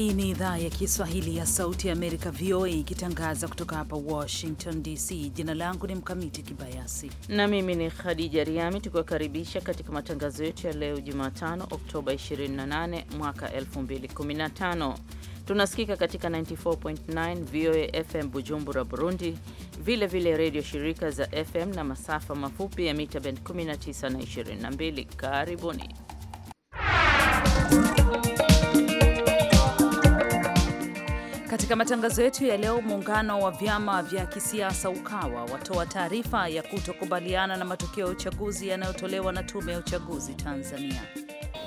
Hii ni idhaa ya Kiswahili ya Sauti ya Amerika, VOA, ikitangaza kutoka hapa Washington DC. Jina langu ni Mkamiti Kibayasi na mimi ni Khadija Riami, tukiwakaribisha katika matangazo yetu ya leo Jumatano, Oktoba 28 mwaka 2015. Tunasikika katika 94.9 VOA FM Bujumbura, Burundi, vilevile redio shirika za FM na masafa mafupi ya mita bend 19 na 22. Karibuni. Katika matangazo yetu ya leo, muungano wa vyama vya kisiasa Ukawa watoa taarifa ya kutokubaliana na matokeo ya uchaguzi yanayotolewa na tume ya uchaguzi Tanzania.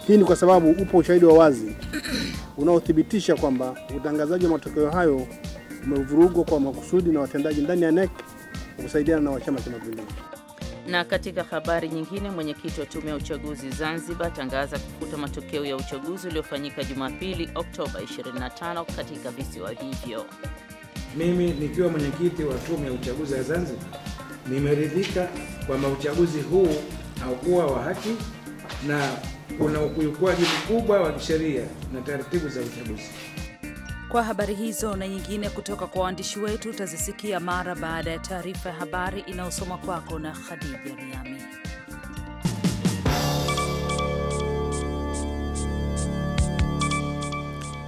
Hii ni kwa sababu upo ushahidi wa wazi unaothibitisha kwamba utangazaji wa matokeo hayo umevurugwa kwa makusudi na watendaji ndani ya NEC kusaidiana na wachama cha mapinduzi. Na katika habari nyingine, mwenyekiti wa tume ya uchaguzi Zanzibar tangaza kufuta matokeo ya uchaguzi uliofanyika Jumapili Oktoba 25 katika visiwa hivyo. Mimi nikiwa mwenyekiti wa tume ya uchaguzi ya Zanzibar nimeridhika kwamba uchaguzi huu haukuwa wa haki na kuna ukiukwaji mkubwa wa kisheria na taratibu za uchaguzi. Kwa habari hizo na nyingine kutoka kwa waandishi wetu utazisikia mara baada ya taarifa ya habari inayosoma kwako na Khadija Riami.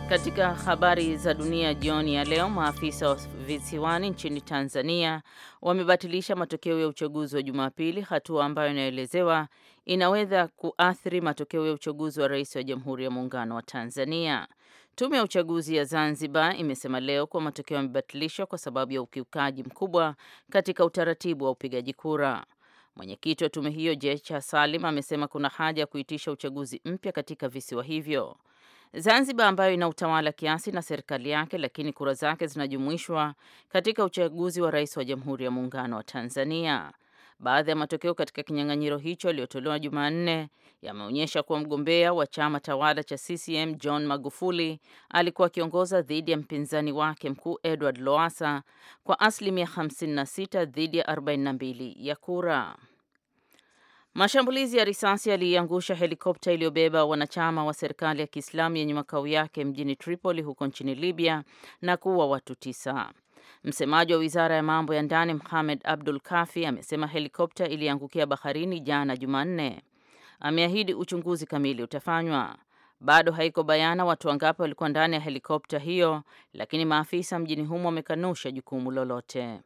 Katika habari za dunia jioni ya leo, maafisa wa visiwani nchini Tanzania wamebatilisha matokeo ya uchaguzi wa Jumapili, hatua ambayo inaelezewa inaweza kuathiri matokeo ya uchaguzi wa rais wa Jamhuri ya Muungano wa Tanzania. Tume ya uchaguzi ya Zanzibar imesema leo kuwa matokeo yamebatilishwa kwa sababu ya ukiukaji mkubwa katika utaratibu wa upigaji kura. Mwenyekiti wa tume hiyo Jecha Salim amesema kuna haja ya kuitisha uchaguzi mpya katika visiwa hivyo. Zanzibar ambayo ina utawala kiasi na serikali yake, lakini kura zake zinajumuishwa katika uchaguzi wa rais wa Jamhuri ya Muungano wa Tanzania. Baadhi ya matokeo katika kinyang'anyiro hicho yaliyotolewa Jumanne yameonyesha kuwa mgombea wa chama tawala cha CCM John Magufuli alikuwa akiongoza dhidi ya mpinzani wake mkuu Edward loasa kwa asilimia 56 dhidi ya 42 ya kura. Mashambulizi ya risasi yaliiangusha helikopta iliyobeba wanachama wa serikali ya Kiislamu yenye makao yake mjini Tripoli huko nchini Libya na kuua watu tisa. Msemaji wa wizara ya mambo ya ndani Mohamed Abdul Kafi amesema helikopta iliangukia baharini jana Jumanne. Ameahidi uchunguzi kamili utafanywa. Bado haiko bayana watu wangapi walikuwa ndani ya helikopta hiyo, lakini maafisa mjini humo wamekanusha jukumu lolote.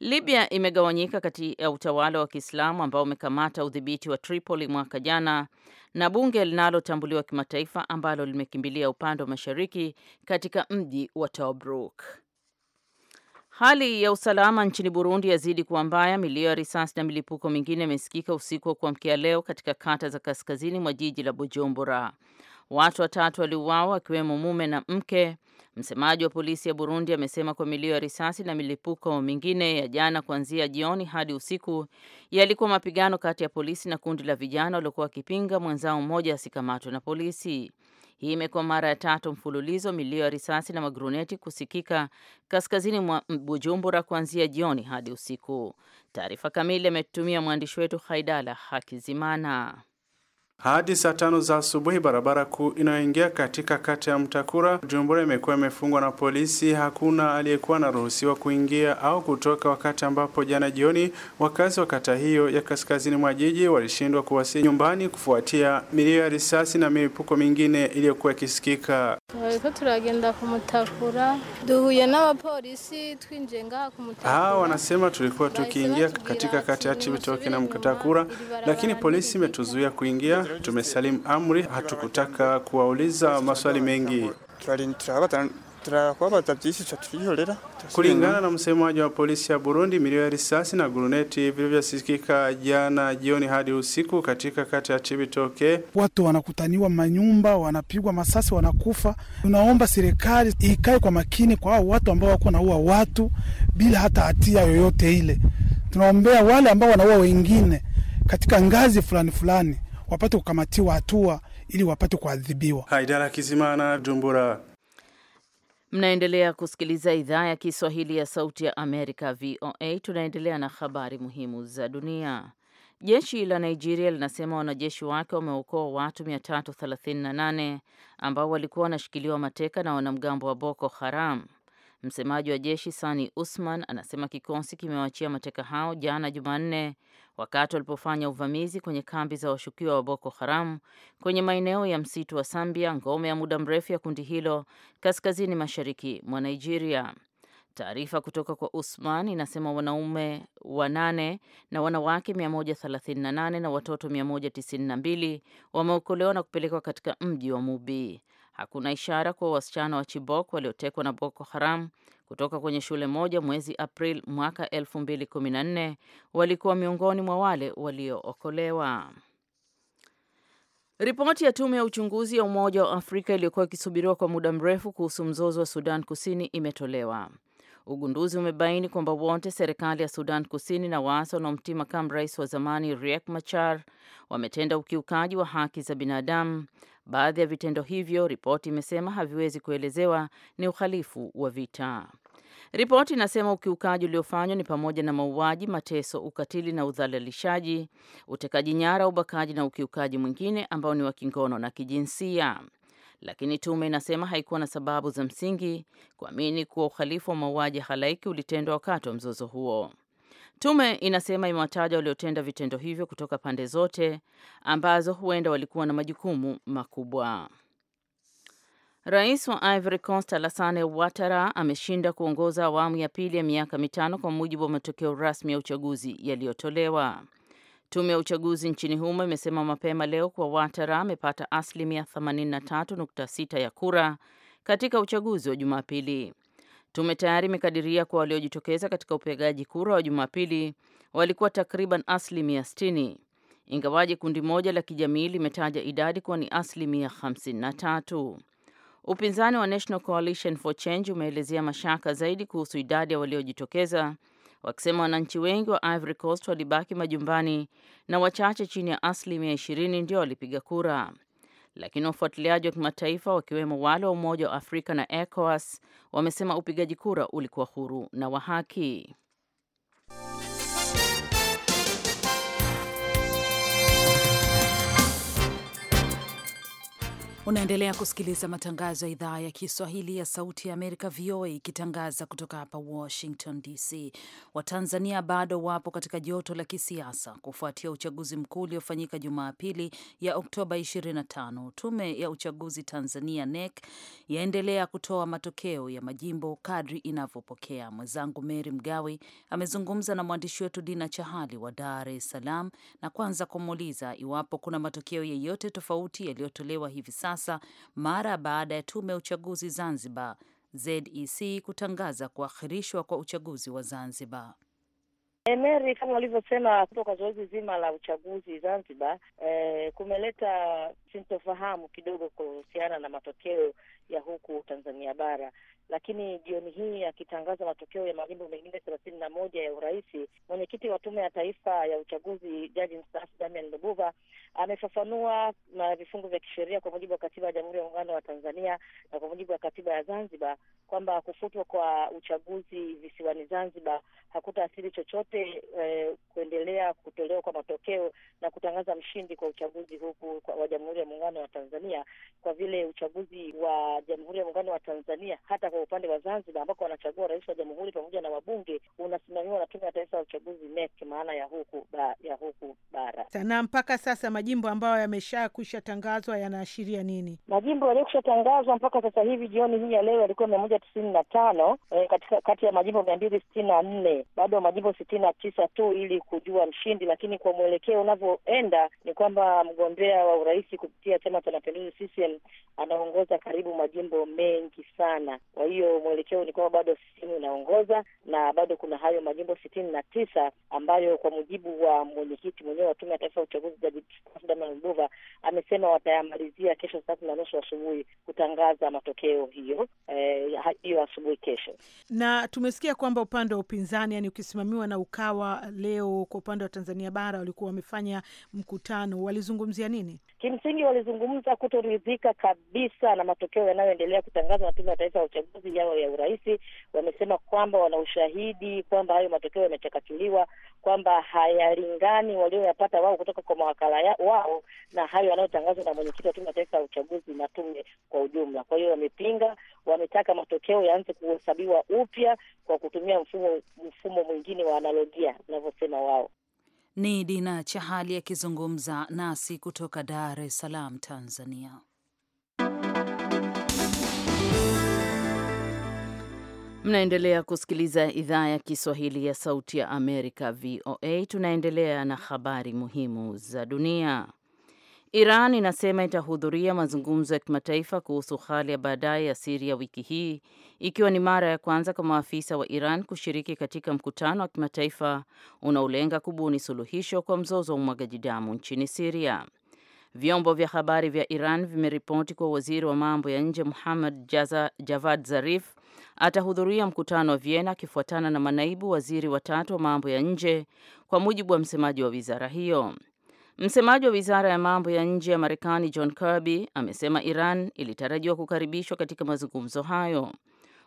Libya imegawanyika kati ya utawala wa Kiislamu ambao umekamata udhibiti wa Tripoli mwaka jana na bunge linalotambuliwa kimataifa ambalo limekimbilia upande wa mashariki katika mji wa Tobruk. Hali ya usalama nchini Burundi yazidi kuwa mbaya. Milio ya risasi na milipuko mingine imesikika usiku wa kuamkia leo katika kata za kaskazini mwa jiji la Bujumbura. Watu watatu waliuawa akiwemo mume na mke. Msemaji wa polisi ya Burundi amesema kwa milio ya risasi na milipuko mingine ya jana kuanzia jioni hadi usiku yalikuwa mapigano kati ya polisi na kundi la vijana waliokuwa wakipinga mwenzao mmoja asikamatwe na polisi. Hii imekuwa mara ya tatu mfululizo milio ya risasi na magruneti kusikika kaskazini mwa Bujumbura kuanzia jioni hadi usiku. Taarifa kamili ametumia mwandishi wetu Haidala Hakizimana. Hadi saa tano za asubuhi barabara kuu inayoingia katika kata ya Mtakura jumbura imekuwa imefungwa na polisi. Hakuna aliyekuwa anaruhusiwa kuingia au kutoka, wakati ambapo jana jioni wakazi wa kata hiyo ya kaskazini mwa jiji walishindwa kuwasili nyumbani kufuatia milio ya risasi na milipuko mingine iliyokuwa ikisikika. Hawa wanasema tulikuwa tukiingia katika kata ya Chibitoke na Mtakura, lakini polisi imetuzuia kuingia tumesalimu amri, hatukutaka kuwauliza maswali mengi. Kulingana na msemaji wa polisi ya Burundi, milio ya risasi na guruneti vilivyosikika jana jioni hadi usiku katika kata ya Chibitoke, watu wanakutaniwa manyumba, wanapigwa masasi, wanakufa. Tunaomba serikali ikae kwa makini kwa hao watu ambao wako naua watu bila hata hatia yoyote ile. Tunaombea wale ambao wanaua wengine katika ngazi fulani fulani wapate kukamatiwa hatua ili wapate kuadhibiwa. Haidara Kizimana, Jumbura. Mnaendelea kusikiliza idhaa ya Kiswahili ya Sauti ya Amerika, VOA. Tunaendelea na habari muhimu za dunia. Jeshi la Nigeria linasema wanajeshi wake wameokoa watu 338 ambao walikuwa wanashikiliwa mateka na wanamgambo wa Boko Haram. Msemaji wa jeshi Sani Usman anasema kikosi kimewachia mateka hao jana Jumanne wakati walipofanya uvamizi kwenye kambi za washukiwa wa Boko Haram kwenye maeneo ya msitu wa Sambia, ngome ya muda mrefu ya kundi hilo kaskazini mashariki mwa Nigeria. Taarifa kutoka kwa Usman inasema wanaume wanane na wanawake 138 na watoto 192 wameokolewa na kupelekwa katika mji wa Mubi. Hakuna ishara kuwa wasichana wa Chibok waliotekwa na Boko Haram kutoka kwenye shule moja mwezi April mwaka 2014 walikuwa miongoni mwa wale waliookolewa. Ripoti ya tume ya uchunguzi ya Umoja wa Afrika iliyokuwa ikisubiriwa kwa muda mrefu kuhusu mzozo wa Sudan Kusini imetolewa. Ugunduzi umebaini kwamba wote serikali ya Sudan Kusini na waasi wanaomtii makamu rais wa zamani Riek Machar wametenda ukiukaji wa haki za binadamu. Baadhi ya vitendo hivyo, ripoti imesema, haviwezi kuelezewa, ni uhalifu wa vita. Ripoti inasema ukiukaji uliofanywa ni pamoja na mauaji, mateso, ukatili na udhalilishaji, utekaji nyara, ubakaji na ukiukaji mwingine ambao ni wa kingono na kijinsia lakini tume inasema haikuwa na sababu za msingi kuamini kuwa uhalifu wa mauaji halaiki ulitendwa wakati wa mzozo huo. Tume inasema imewataja waliotenda vitendo hivyo kutoka pande zote ambazo huenda walikuwa na majukumu makubwa. Rais wa Ivory Coast Alassane Ouattara ameshinda kuongoza awamu ya pili ya miaka mitano kwa mujibu wa matokeo rasmi ya uchaguzi yaliyotolewa. Tume ya uchaguzi nchini humo imesema mapema leo kuwa Watara amepata asilimia 83.6 ya kura katika uchaguzi wa Jumapili. Tume tayari imekadiria kuwa waliojitokeza katika upigaji kura wa Jumapili walikuwa takriban asilimia 60, ingawaje kundi moja la kijamii limetaja idadi kuwa ni asilimia 53. Upinzani wa National Coalition for Change umeelezea mashaka zaidi kuhusu idadi ya waliojitokeza wakisema wananchi wengi wa Ivory Coast walibaki majumbani na wachache chini ya asilimia 20 ndio walipiga kura. Lakini wafuatiliaji wa kimataifa wakiwemo wale wa Umoja wa Afrika na ECOWAS wamesema upigaji kura ulikuwa huru na wa haki. Unaendelea kusikiliza matangazo ya idhaa ya Kiswahili ya Sauti ya Amerika, VOA, ikitangaza kutoka hapa Washington DC. Watanzania bado wapo katika joto la kisiasa kufuatia uchaguzi mkuu uliofanyika Jumapili ya Oktoba 25. Tume ya Uchaguzi Tanzania, NEC, yaendelea kutoa matokeo ya majimbo kadri inavyopokea. Mwenzangu Mary Mgawi amezungumza na mwandishi wetu Dina Chahali wa Dar es Salaam na kwanza kumuuliza iwapo kuna matokeo yeyote tofauti yaliyotolewa hivi sasa Mombasa mara baada ya tume ya uchaguzi Zanzibar ZEC kutangaza kuakhirishwa kwa uchaguzi wa Zanzibar. Emery, kama walivyosema, kutoka zoezi zima la uchaguzi Zanzibar eh, kumeleta sintofahamu kidogo kuhusiana na matokeo ya huku Tanzania bara, lakini jioni hii akitangaza matokeo ya majimbo mengine thelathini na moja ya urais, mwenyekiti wa Tume ya Taifa ya Uchaguzi Jaji mstaafu Damian Lubuva amefafanua na vifungu vya kisheria kwa mujibu wa Katiba ya Jamhuri ya Muungano wa Tanzania na kwa mujibu wa Katiba ya Zanzibar kwamba kufutwa kwa uchaguzi visiwani Zanzibar hakutaathiri chochote wote eh, kuendelea kutolewa kwa matokeo na kutangaza mshindi kwa uchaguzi huku wa Jamhuri ya Muungano wa Tanzania, kwa vile uchaguzi wa Jamhuri ya Muungano wa Tanzania hata kwa upande wa Zanzibar ambako wanachagua rais wa jamhuri pamoja na wabunge unasimamiwa na Tume ya Taifa ya Uchaguzi NEC, maana ya huku ba, ya huku bara. Na mpaka sasa majimbo ambayo yamesha kuisha tangazwa yanaashiria nini? Majimbo yaliyokusha tangazwa mpaka sasa hivi jioni hii ya leo yalikuwa mia moja tisini na tano eh, katika kati ya majimbo mia mbili sitini na nne bado majimbo sitini sitini na tisa tu ili kujua mshindi, lakini kwa mwelekeo unavyoenda ni kwamba mgombea wa urais kupitia Chama cha Mapinduzi CCM anaongoza karibu majimbo mengi sana. Kwa hiyo mwelekeo ni kwamba bado CCM inaongoza na bado kuna hayo majimbo sitini na tisa ambayo kwa mujibu wa mwenyekiti mwenyewe wa Tume ya Taifa ya Uchaguzi Jaji Lubuva amesema watayamalizia kesho saa na nusu asubuhi kutangaza matokeo hiyo eh, hiyo eh, asubuhi kesho. Na tumesikia kwamba upande wa upinzani, yani ukisimamiwa na ukawa leo kwa upande wa Tanzania bara walikuwa wamefanya mkutano, walizungumzia nini? Kimsingi walizungumza kutoridhika kabisa na matokeo yanayoendelea kutangazwa na Tume ya Taifa ya Uchaguzi yao ya urais. Wamesema kwamba wana ushahidi kwamba hayo matokeo yamechakatuliwa, kwamba hayalingani walioyapata wao kutoka kwa mawakala wao na hayo yanayotangazwa na mwenyekiti wa Tume ya Taifa ya Uchaguzi na tume kwa ujumla. Kwa hiyo wamepinga, wametaka matokeo yaanze kuhesabiwa upya kwa kutumia mfumo mfumo mwingine wa analo teknolojia inavyosema wao. Ni Dina Chahali akizungumza nasi kutoka Dar es Salaam, Tanzania. Mnaendelea kusikiliza idhaa ya Kiswahili ya Sauti ya Amerika, VOA. Tunaendelea na habari muhimu za dunia. Iran inasema itahudhuria mazungumzo ya kimataifa kuhusu hali ya baadaye ya Siria wiki hii, ikiwa ni mara ya kwanza kwa maafisa wa Iran kushiriki katika mkutano wa kimataifa unaolenga kubuni suluhisho kwa mzozo wa umwagaji damu nchini Siria. Vyombo vya habari vya Iran vimeripoti kuwa waziri wa mambo ya nje Muhammad Javad Zarif atahudhuria mkutano wa Vienna akifuatana na manaibu waziri watatu wa mambo ya nje, kwa mujibu wa msemaji wa wizara hiyo. Msemaji wa wizara ya mambo ya nje ya Marekani John Kirby amesema Iran ilitarajiwa kukaribishwa katika mazungumzo hayo.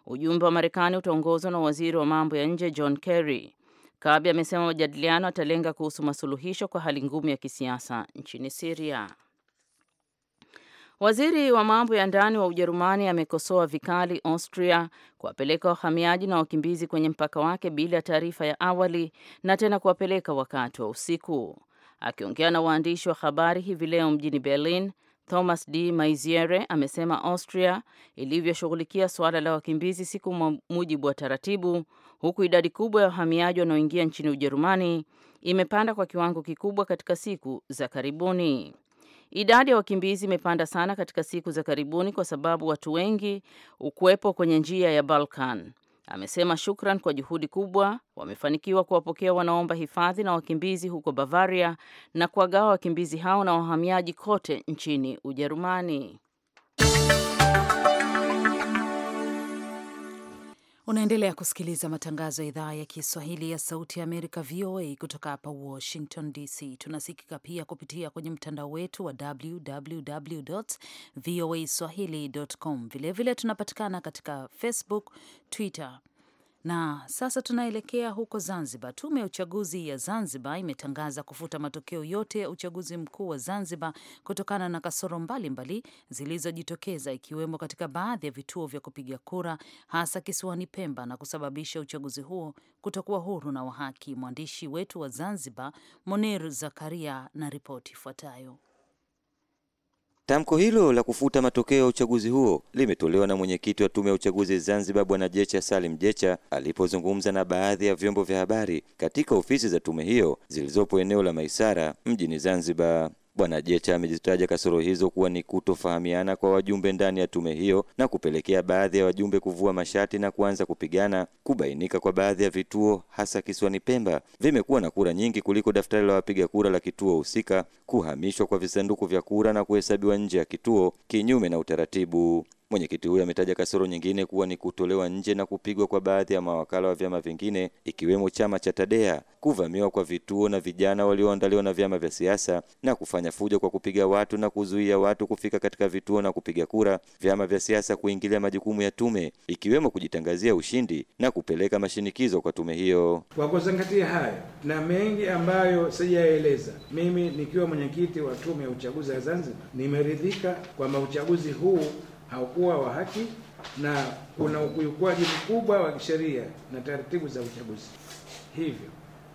Ujumbe wa Marekani utaongozwa na waziri wa mambo ya nje John Kerry. Kirby amesema majadiliano atalenga kuhusu masuluhisho kwa hali ngumu ya kisiasa nchini Siria. Waziri wa mambo ya ndani wa Ujerumani amekosoa vikali Austria kuwapeleka wahamiaji na wakimbizi kwenye mpaka wake bila taarifa ya awali na tena kuwapeleka wakati wa usiku. Akiongea na waandishi wa habari hivi leo mjini Berlin, Thomas D Maiziere amesema Austria ilivyoshughulikia suala la wakimbizi siku mujibu wa taratibu, huku idadi kubwa ya wahamiaji wanaoingia nchini Ujerumani imepanda kwa kiwango kikubwa katika siku za karibuni. Idadi ya wakimbizi imepanda sana katika siku za karibuni kwa sababu watu wengi ukuwepo kwenye njia ya Balkan amesema shukran kwa juhudi kubwa wamefanikiwa kuwapokea wanaomba hifadhi na wakimbizi huko Bavaria na kuwagawa wakimbizi hao na wahamiaji kote nchini Ujerumani. Unaendelea kusikiliza matangazo ya idhaa ya Kiswahili ya Sauti ya Amerika, VOA, kutoka hapa Washington DC. Tunasikika pia kupitia kwenye mtandao wetu wa www voa swahili.com. Vilevile tunapatikana katika Facebook, Twitter na sasa tunaelekea huko Zanzibar. Tume ya uchaguzi ya Zanzibar imetangaza kufuta matokeo yote ya uchaguzi mkuu wa Zanzibar kutokana na kasoro mbalimbali zilizojitokeza, ikiwemo katika baadhi ya vituo vya kupiga kura, hasa kisiwani Pemba, na kusababisha uchaguzi huo kutokuwa huru na wa haki. Mwandishi wetu wa Zanzibar, moner Zakaria, na ripoti ifuatayo. Tamko hilo la kufuta matokeo ya uchaguzi huo limetolewa na mwenyekiti wa tume ya uchaguzi Zanzibar Bwana Jecha Salim Jecha alipozungumza na baadhi ya vyombo vya habari katika ofisi za tume hiyo zilizopo eneo la Maisara mjini Zanzibar. Bwana Jecha amezitaja kasoro hizo kuwa ni kutofahamiana kwa wajumbe ndani ya tume hiyo na kupelekea baadhi ya wajumbe kuvua mashati na kuanza kupigana. Kubainika kwa baadhi ya vituo hasa kisiwani Pemba vimekuwa na kura nyingi kuliko daftari la wapiga kura la kituo husika, kuhamishwa kwa visanduku vya kura na kuhesabiwa nje ya kituo kinyume na utaratibu. Mwenyekiti huyo ametaja kasoro nyingine kuwa ni kutolewa nje na kupigwa kwa baadhi ya mawakala wa vyama vingine ikiwemo chama cha Tadea, kuvamiwa kwa vituo na vijana walioandaliwa na vyama vya siasa na kufanya fujo kwa kupiga watu na kuzuia watu kufika katika vituo na kupiga kura, vyama vya siasa kuingilia majukumu ya tume ikiwemo kujitangazia ushindi na kupeleka mashinikizo kwa tume hiyo. Kwa kuzingatia hayo na mengi ambayo sijaeleza, mimi nikiwa mwenyekiti wa Tume ya Uchaguzi ya Zanzibar nimeridhika kwamba uchaguzi huu haukuwa wa haki na kuna ukiukwaji mkubwa wa kisheria na taratibu za uchaguzi. Hivyo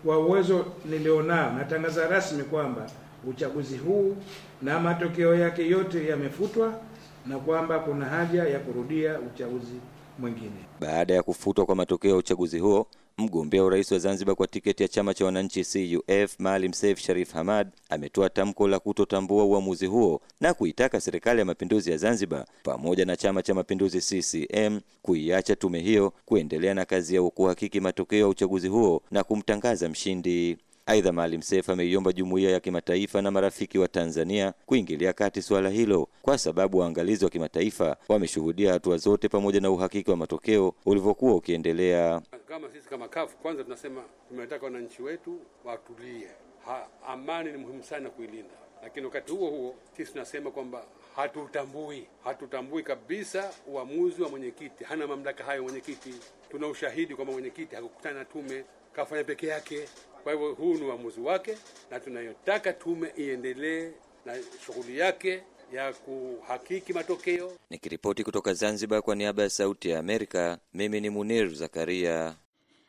kwa uwezo nilionao, natangaza rasmi kwamba uchaguzi huu na matokeo yake yote yamefutwa na kwamba kuna haja ya kurudia uchaguzi mwingine. Baada ya kufutwa kwa matokeo ya uchaguzi huo Mgombea urais wa Zanzibar kwa tiketi ya chama cha wananchi CUF Maalim Seif Sharif Hamad ametoa tamko la kutotambua uamuzi huo na kuitaka serikali ya mapinduzi ya Zanzibar pamoja na chama cha mapinduzi CCM kuiacha tume hiyo kuendelea na kazi ya kuhakiki matokeo ya uchaguzi huo na kumtangaza mshindi. Aidha, Maalim Seif ameiomba jumuiya ya kimataifa na marafiki wa Tanzania kuingilia kati suala hilo kwa sababu waangalizi wa kimataifa wameshuhudia hatua zote pamoja na uhakiki wa matokeo ulivyokuwa ukiendelea. Kama sisi kama kafu, kwanza tunasema tumetaka wananchi wetu watulie. Ha, amani ni muhimu sana kuilinda lakini wakati huo huo sisi tunasema kwamba hatutambui, hatutambui kabisa uamuzi wa mwenyekiti. Hana mamlaka hayo mwenyekiti. Tuna ushahidi kwamba mwenyekiti hakukutana na tume, kafanya peke yake. Kwa hivyo huu ni uamuzi wake, na tunayotaka tume iendelee na shughuli yake ya kuhakiki matokeo. Nikiripoti kutoka Zanzibar kwa niaba ya Sauti ya Amerika, mimi ni Munir Zakaria.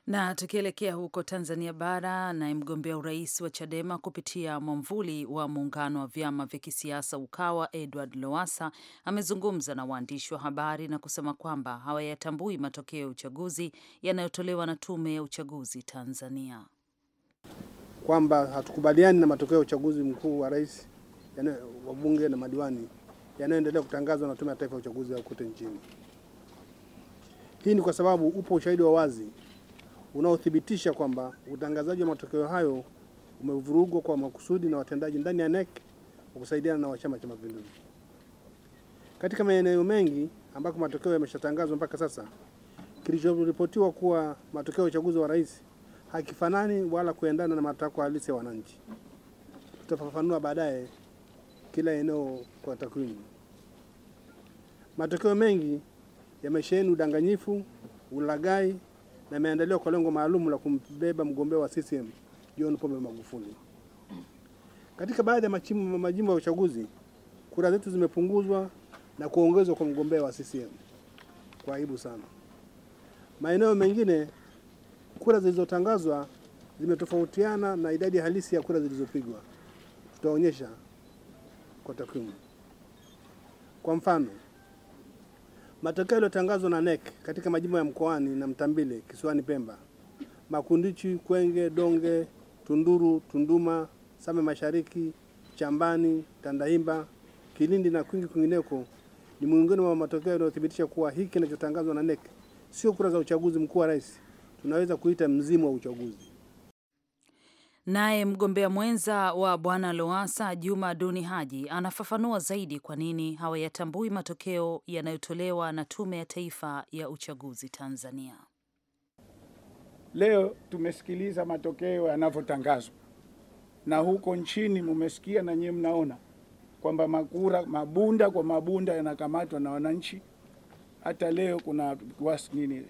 Na tukielekea huko Tanzania bara, naye mgombea urais wa Chadema kupitia mwamvuli wa muungano wa vyama vya kisiasa Ukawa, Edward Lowasa amezungumza na waandishi wa habari na kusema kwamba hawayatambui matokeo ya uchaguzi yanayotolewa na Tume ya Uchaguzi Tanzania, kwamba hatukubaliani na matokeo ya uchaguzi mkuu wa rais, wa bunge na madiwani yanayoendelea kutangazwa na Tume ya Taifa ya Uchaguzi ya kote nchini. Hii ni kwa sababu upo ushahidi wa wazi unaothibitisha kwamba utangazaji wa matokeo hayo umevurugwa kwa makusudi na watendaji ndani ya NEC kwa kusaidiana na Chama cha Mapinduzi. Katika maeneo mengi ambako matokeo yameshatangazwa mpaka sasa, kilichoripotiwa kuwa matokeo ya uchaguzi wa rais hakifanani wala kuendana na matakwa halisi ya wananchi. Tutafafanua baadaye kila eneo kwa takwimu. Matokeo mengi yamesheheni udanganyifu, ulagai na imeandaliwa kwa lengo maalum la kumbeba mgombea wa CCM John Pombe Magufuli. Katika baadhi ya majimbo ya uchaguzi, kura zetu zimepunguzwa na kuongezwa kwa mgombea wa CCM. Kwa aibu sana. Maeneo mengine kura zilizotangazwa zimetofautiana na idadi halisi ya kura zilizopigwa. Tutaonyesha kwa takwimu. Kwa mfano Matokeo yaliyotangazwa na NEC katika majimbo ya Mkoani na Mtambile kisiwani Pemba, makundichi Kwenge, Donge, Tunduru, Tunduma, Same Mashariki, Chambani, Tandahimba, Kilindi na kwingi kwingineko ni miongoni mwa matokeo yanayothibitisha kuwa hiki kinachotangazwa na NEC sio kura za uchaguzi mkuu wa rais, tunaweza kuita mzimu wa uchaguzi. Naye mgombea mwenza wa Bwana loasa Juma Duni Haji, anafafanua zaidi kwa nini hawayatambui matokeo yanayotolewa na Tume ya Taifa ya Uchaguzi Tanzania. Leo tumesikiliza matokeo yanavyotangazwa, na huko nchini mumesikia na nyie mnaona kwamba makura mabunda kwa mabunda yanakamatwa na wananchi. Hata leo kuna was, nini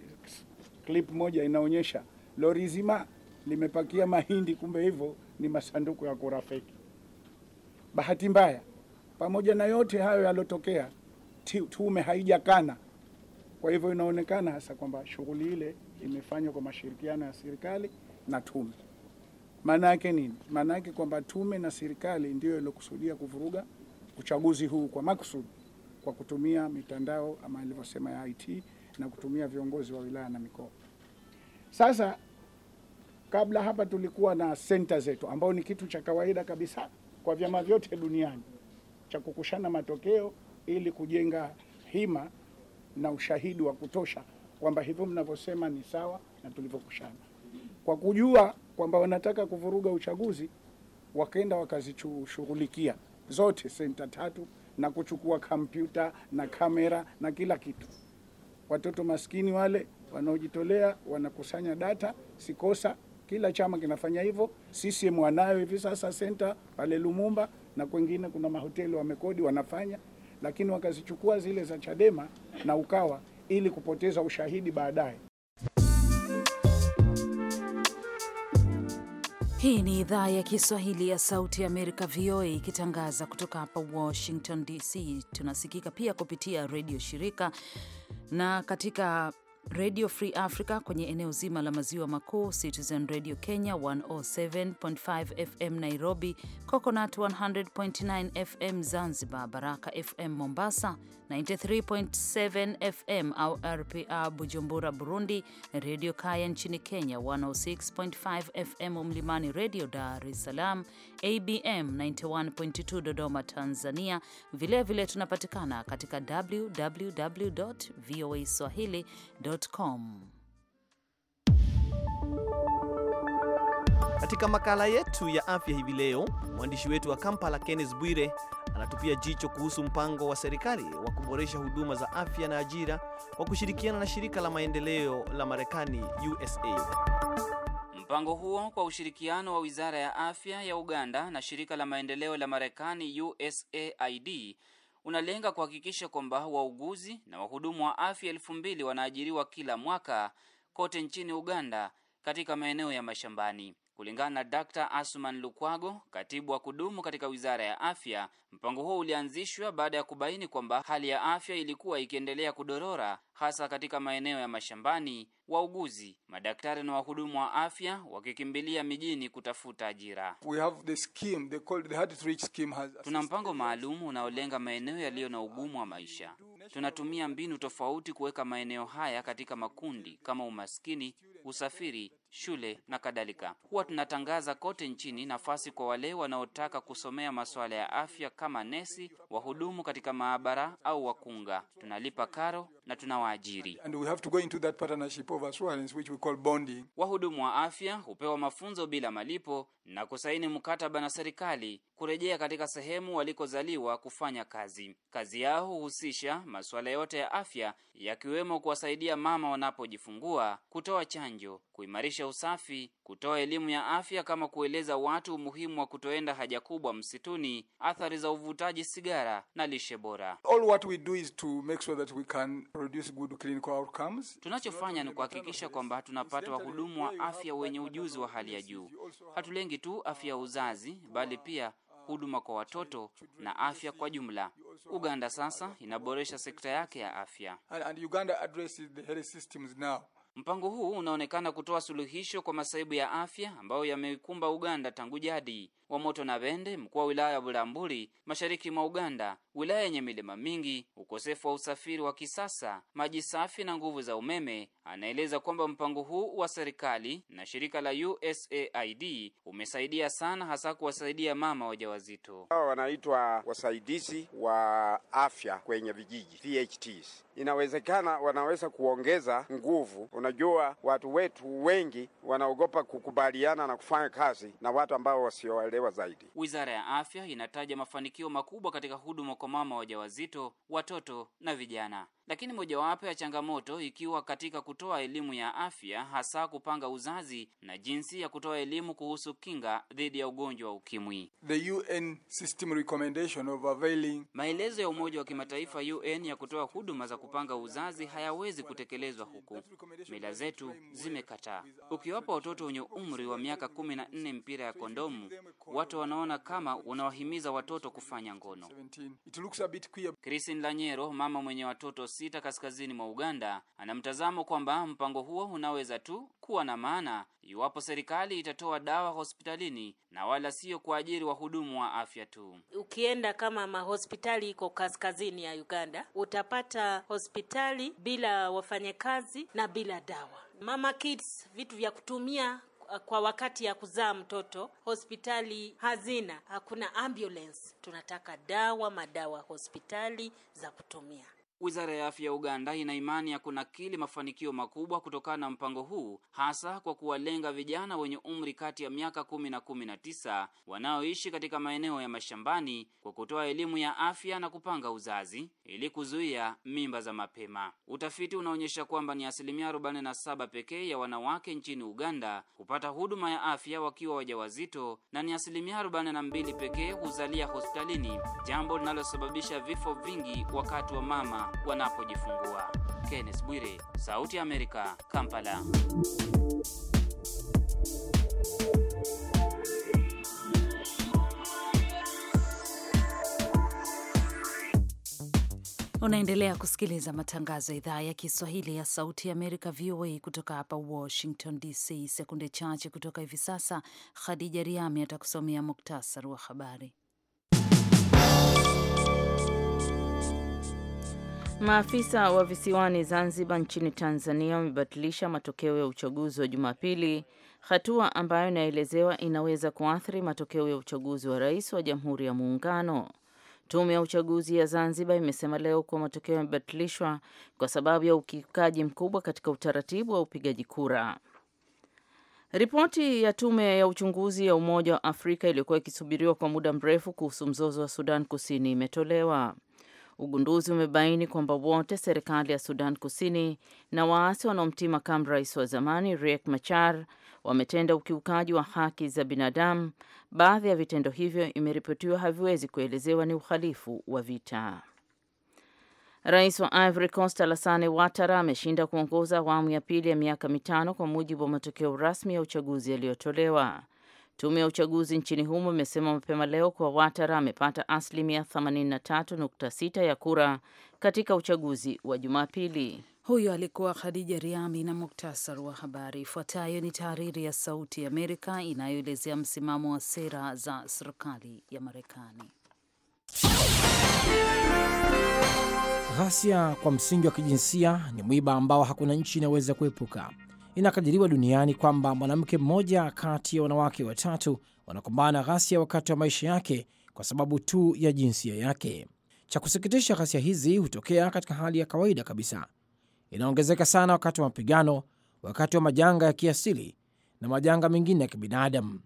klip moja inaonyesha lori zima limepakia mahindi, kumbe hivyo ni masanduku ya kura feki. Bahati mbaya, pamoja na yote hayo yalotokea, tume haijakana. Kwa hivyo inaonekana hasa kwamba shughuli ile imefanywa kwa mashirikiano ya serikali na tume. Maana yake nini? Maana yake kwamba tume na serikali ndiyo iliokusudia kuvuruga uchaguzi huu kwa makusudi, kwa kutumia mitandao ama ilivyosema ya IT na kutumia viongozi wa wilaya na mikoa. Sasa Kabla hapa tulikuwa na senta zetu, ambao ni kitu cha kawaida kabisa kwa vyama vyote duniani cha kukushana matokeo ili kujenga hima na ushahidi wa kutosha kwamba hivyo mnavyosema ni sawa na tulivyokushana. Kwa kujua kwamba wanataka kuvuruga uchaguzi, wakaenda wakazishughulikia zote senta tatu na kuchukua kompyuta na kamera na kila kitu. Watoto maskini wale wanaojitolea wanakusanya data, sikosa kila chama kinafanya hivyo. CCM wanayo hivi sasa senta pale Lumumba na kwengine, kuna mahoteli wamekodi wanafanya, lakini wakazichukua zile za Chadema na Ukawa ili kupoteza ushahidi baadaye. Hii ni idhaa ya Kiswahili ya Sauti ya Amerika, VOA, ikitangaza kutoka hapa Washington DC. Tunasikika pia kupitia redio shirika na katika Radio Free Africa kwenye eneo zima la maziwa makuu, Citizen Radio Kenya 107.5 FM Nairobi, Coconut 100.9 FM Zanzibar, Baraka FM Mombasa 93.7 FM au RPA Bujumbura, Burundi, Redio Kaya nchini Kenya 106.5 FM, Mlimani Redio Dar es Salaam, ABM 91.2 Dodoma, Tanzania. Vilevile vile tunapatikana katika www voa swahili.com. Katika makala yetu ya afya hivi leo, mwandishi wetu wa Kampala Kenneth Bwire anatupia jicho kuhusu mpango wa serikali wa kuboresha huduma za afya na ajira kwa kushirikiana na shirika la maendeleo la Marekani usa Mpango huo kwa ushirikiano wa Wizara ya Afya ya Uganda na shirika la maendeleo la Marekani USAID unalenga kuhakikisha kwamba wauguzi na wahudumu wa afya elfu mbili wanaajiriwa kila mwaka kote nchini Uganda katika maeneo ya mashambani. Kulingana na Dr. Asuman Lukwago, katibu wa kudumu katika Wizara ya Afya, mpango huo ulianzishwa baada ya kubaini kwamba hali ya afya ilikuwa ikiendelea kudorora hasa katika maeneo ya mashambani, wauguzi, madaktari na wahudumu wa afya wakikimbilia mijini kutafuta ajira. We have the scheme, the called the hard to reach scheme has... tuna mpango maalum unaolenga maeneo yaliyo na ugumu wa maisha. Tunatumia mbinu tofauti kuweka maeneo haya katika makundi kama umaskini, usafiri, shule na kadhalika. Huwa tunatangaza kote nchini nafasi kwa wale wanaotaka kusomea masuala ya afya kama nesi, wahudumu katika maabara au wakunga. Tunalipa karo na tunawa wanaoajiri. Wahudumu wa afya hupewa mafunzo bila malipo na kusaini mkataba na serikali kurejea katika sehemu walikozaliwa kufanya kazi. Kazi yao huhusisha masuala yote ya afya, yakiwemo kuwasaidia mama wanapojifungua, kutoa chanjo, kuimarisha usafi, kutoa elimu ya afya kama kueleza watu umuhimu wa kutoenda haja kubwa msituni, athari za uvutaji sigara na lishe bora. All what we do is to make sure that we can produce good clinical outcomes. Tunachofanya ni kuhakikisha kwamba tunapata wahudumu wa afya wenye ujuzi wa hali ya juu. Hatulengi tu afya ya uzazi, bali pia huduma kwa watoto na afya kwa jumla. Uganda sasa inaboresha sekta yake ya afya. And Uganda addresses the health systems now. Mpango huu unaonekana kutoa suluhisho kwa masaibu ya afya ambayo yameikumba Uganda tangu jadi. wa moto na Bende, mkuu wa wilaya ya Bulambuli, mashariki mwa Uganda, wilaya yenye milima mingi, ukosefu wa usafiri wa kisasa, maji safi na nguvu za umeme, anaeleza kwamba mpango huu wa serikali na shirika la USAID umesaidia sana, hasa kuwasaidia mama wajawazito. Hawa wanaitwa wasaidizi wa afya kwenye vijiji VHTs. Inawezekana wanaweza kuongeza nguvu una Unajua, watu wetu wengi wanaogopa kukubaliana na kufanya kazi na watu ambao wasioelewa zaidi. Wizara ya Afya inataja mafanikio makubwa katika huduma kwa mama wajawazito, watoto na vijana lakini mojawapo ya changamoto ikiwa katika kutoa elimu ya afya, hasa kupanga uzazi na jinsi ya kutoa elimu kuhusu kinga dhidi ya ugonjwa wa ukimwi. The UN system recommendation of availing... maelezo ya Umoja wa Kimataifa UN ya kutoa huduma za kupanga uzazi hayawezi kutekelezwa huku mila zetu zimekataa. Ukiwapa watoto wenye umri wa miaka kumi na nne mpira ya kondomu, watu wanaona kama unawahimiza watoto kufanya ngono. Christine Lanyero, mama mwenye watoto sita kaskazini mwa Uganda, ana mtazamo kwamba mpango huo unaweza tu kuwa na maana iwapo serikali itatoa dawa hospitalini na wala sio kuajiri wahudumu wa afya tu. Ukienda kama mahospitali iko kaskazini ya Uganda, utapata hospitali bila wafanyakazi na bila dawa. Mama kids, vitu vya kutumia kwa wakati ya kuzaa mtoto hospitali hazina, hakuna ambulance. Tunataka dawa, madawa hospitali za kutumia. Wizara ya afya ya Uganda ina imani ya kunakili mafanikio makubwa kutokana na mpango huu, hasa kwa kuwalenga vijana wenye umri kati ya miaka kumi na kumi na tisa wanaoishi katika maeneo ya mashambani kwa kutoa elimu ya afya na kupanga uzazi ili kuzuia mimba za mapema. Utafiti unaonyesha kwamba ni asilimia 47 pekee ya wanawake nchini Uganda hupata huduma ya afya wakiwa wajawazito na ni asilimia 42 pekee huzalia hospitalini, jambo linalosababisha vifo vingi wakati wa mama wanapojifungua. Kenneth Bwire, Sauti ya Amerika, Kampala. Unaendelea kusikiliza matangazo ya idhaa ya Kiswahili ya Sauti ya Amerika, VOA, kutoka hapa Washington DC. Sekunde chache kutoka hivi sasa, Khadija Riami atakusomea muktasari wa habari. Maafisa wa visiwani Zanzibar nchini Tanzania wamebatilisha matokeo ya uchaguzi wa Jumapili, hatua ambayo inaelezewa inaweza kuathiri matokeo ya uchaguzi wa rais wa Jamhuri ya Muungano. Tume ya uchaguzi ya Zanzibar imesema leo kuwa matokeo yamebatilishwa kwa sababu ya ukiukaji mkubwa katika utaratibu wa upigaji kura. Ripoti ya tume ya uchunguzi ya Umoja wa Afrika iliyokuwa ikisubiriwa kwa muda mrefu kuhusu mzozo wa Sudan Kusini imetolewa. Ugunduzi umebaini kwamba wote serikali ya Sudan Kusini na waasi wanaomtii makamu rais wa zamani Riek Machar wametenda ukiukaji wa haki za binadamu. Baadhi ya vitendo hivyo imeripotiwa haviwezi kuelezewa ni uhalifu wa vita. Rais wa Ivory Coast Alassane Ouattara ameshinda kuongoza awamu ya pili ya miaka mitano kwa mujibu wa matokeo rasmi ya uchaguzi yaliyotolewa. Tume ya uchaguzi nchini humo imesema mapema leo kuwa watara amepata asilimia 83.6 ya kura katika uchaguzi wa Jumapili. Huyo alikuwa Khadija Riami na muktasar wa habari. Ifuatayo ni tahariri ya Sauti ya Amerika inayoelezea msimamo wa sera za serikali ya Marekani. Ghasia kwa msingi wa kijinsia ni mwiba ambao hakuna nchi inaweza kuepuka. Inakadiriwa duniani kwamba mwanamke mmoja kati ya wanawake watatu wanakumbana ghasia wakati wa maisha yake kwa sababu tu ya jinsia yake. Cha kusikitisha, ghasia hizi hutokea katika hali ya kawaida kabisa. Inaongezeka sana wakati wa mapigano, wakati wa majanga ya kiasili na majanga mengine ya kibinadamu.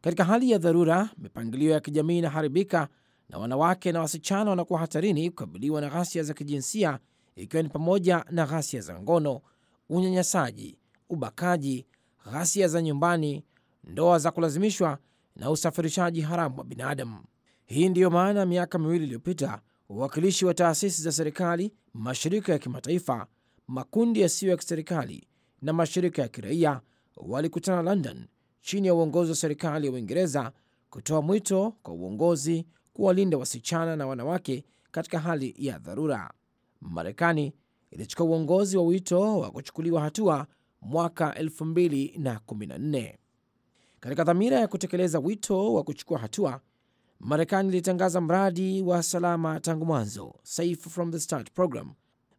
Katika hali ya dharura, mipangilio ya kijamii inaharibika na wanawake na wasichana wanakuwa hatarini kukabiliwa na ghasia za kijinsia, ikiwa ni pamoja na ghasia za ngono unyanyasaji, ubakaji, ghasia za nyumbani, ndoa za kulazimishwa na usafirishaji haramu wa binadamu. Hii ndiyo maana miaka miwili iliyopita wawakilishi wa taasisi za serikali, mashirika ya kimataifa, makundi yasiyo ya kiserikali na mashirika ya kiraia walikutana London chini ya uongozi wa serikali ya Uingereza kutoa mwito kwa uongozi kuwalinda wasichana na wanawake katika hali ya dharura. Marekani ilichukua uongozi wa wito wa kuchukuliwa hatua mwaka 2014. Katika dhamira ya kutekeleza wito wa kuchukua hatua, Marekani ilitangaza mradi wa salama tangu mwanzo, Safe from the Start program,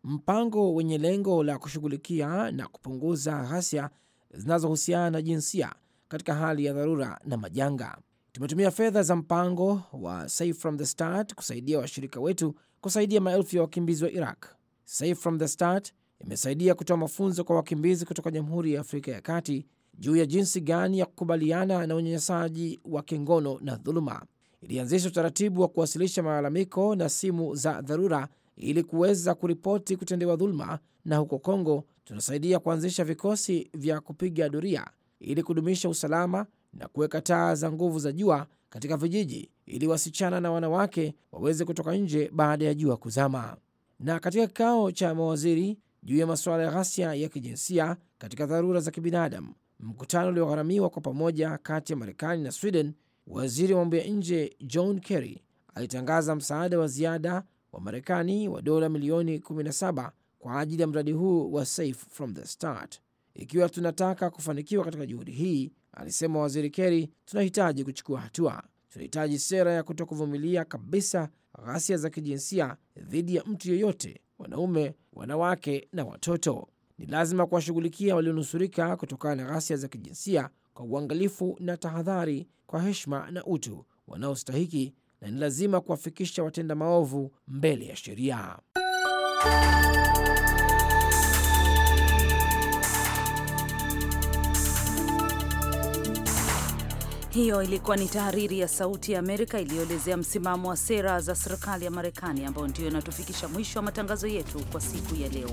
mpango wenye lengo la kushughulikia na kupunguza ghasia zinazohusiana na jinsia katika hali ya dharura na majanga. Tumetumia fedha za mpango wa Safe from the Start kusaidia washirika wetu kusaidia maelfu ya wakimbizi wa Iraq Safe from the Start imesaidia kutoa mafunzo kwa wakimbizi kutoka Jamhuri ya Afrika ya Kati juu ya jinsi gani ya kukubaliana na unyanyasaji wa kingono na dhuluma. Ilianzisha utaratibu wa kuwasilisha malalamiko na simu za dharura ili kuweza kuripoti kutendewa dhuluma, na huko Kongo tunasaidia kuanzisha vikosi vya kupiga doria ili kudumisha usalama na kuweka taa za nguvu za jua katika vijiji ili wasichana na wanawake waweze kutoka nje baada ya jua kuzama. Na katika kikao cha mawaziri juu ya masuala ya ghasia ya kijinsia katika dharura za kibinadamu, mkutano uliogharamiwa kwa pamoja kati ya Marekani na Sweden, waziri wa mambo ya nje John Kerry alitangaza msaada wa ziada wa Marekani wa dola milioni 17 kwa ajili ya mradi huu wa Safe from the Start. Ikiwa tunataka kufanikiwa katika juhudi hii, alisema waziri Kerry, tunahitaji kuchukua hatua. Tunahitaji sera ya kutokuvumilia kabisa ghasia za kijinsia dhidi ya mtu yeyote, wanaume, wanawake na watoto. Ni lazima kuwashughulikia walionusurika kutokana na ghasia za kijinsia kwa uangalifu na tahadhari, kwa heshima na utu wanaostahiki, na ni lazima kuwafikisha watenda maovu mbele ya sheria. Hiyo ilikuwa ni tahariri ya Sauti ya Amerika iliyoelezea msimamo wa sera za serikali ya Marekani, ambayo ndio inatufikisha mwisho wa matangazo yetu kwa siku ya leo.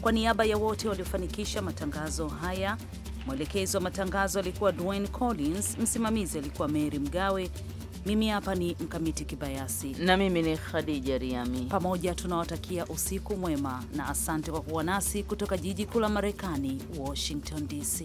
Kwa niaba ya wote waliofanikisha matangazo haya, mwelekezi wa matangazo alikuwa Dwayne Collins, msimamizi alikuwa Mary Mgawe. Mimi hapa ni Mkamiti Kibayasi na mimi ni Khadija Riami. Pamoja tunawatakia usiku mwema na asante kwa kuwa nasi kutoka jiji kuu la Marekani, Washington DC.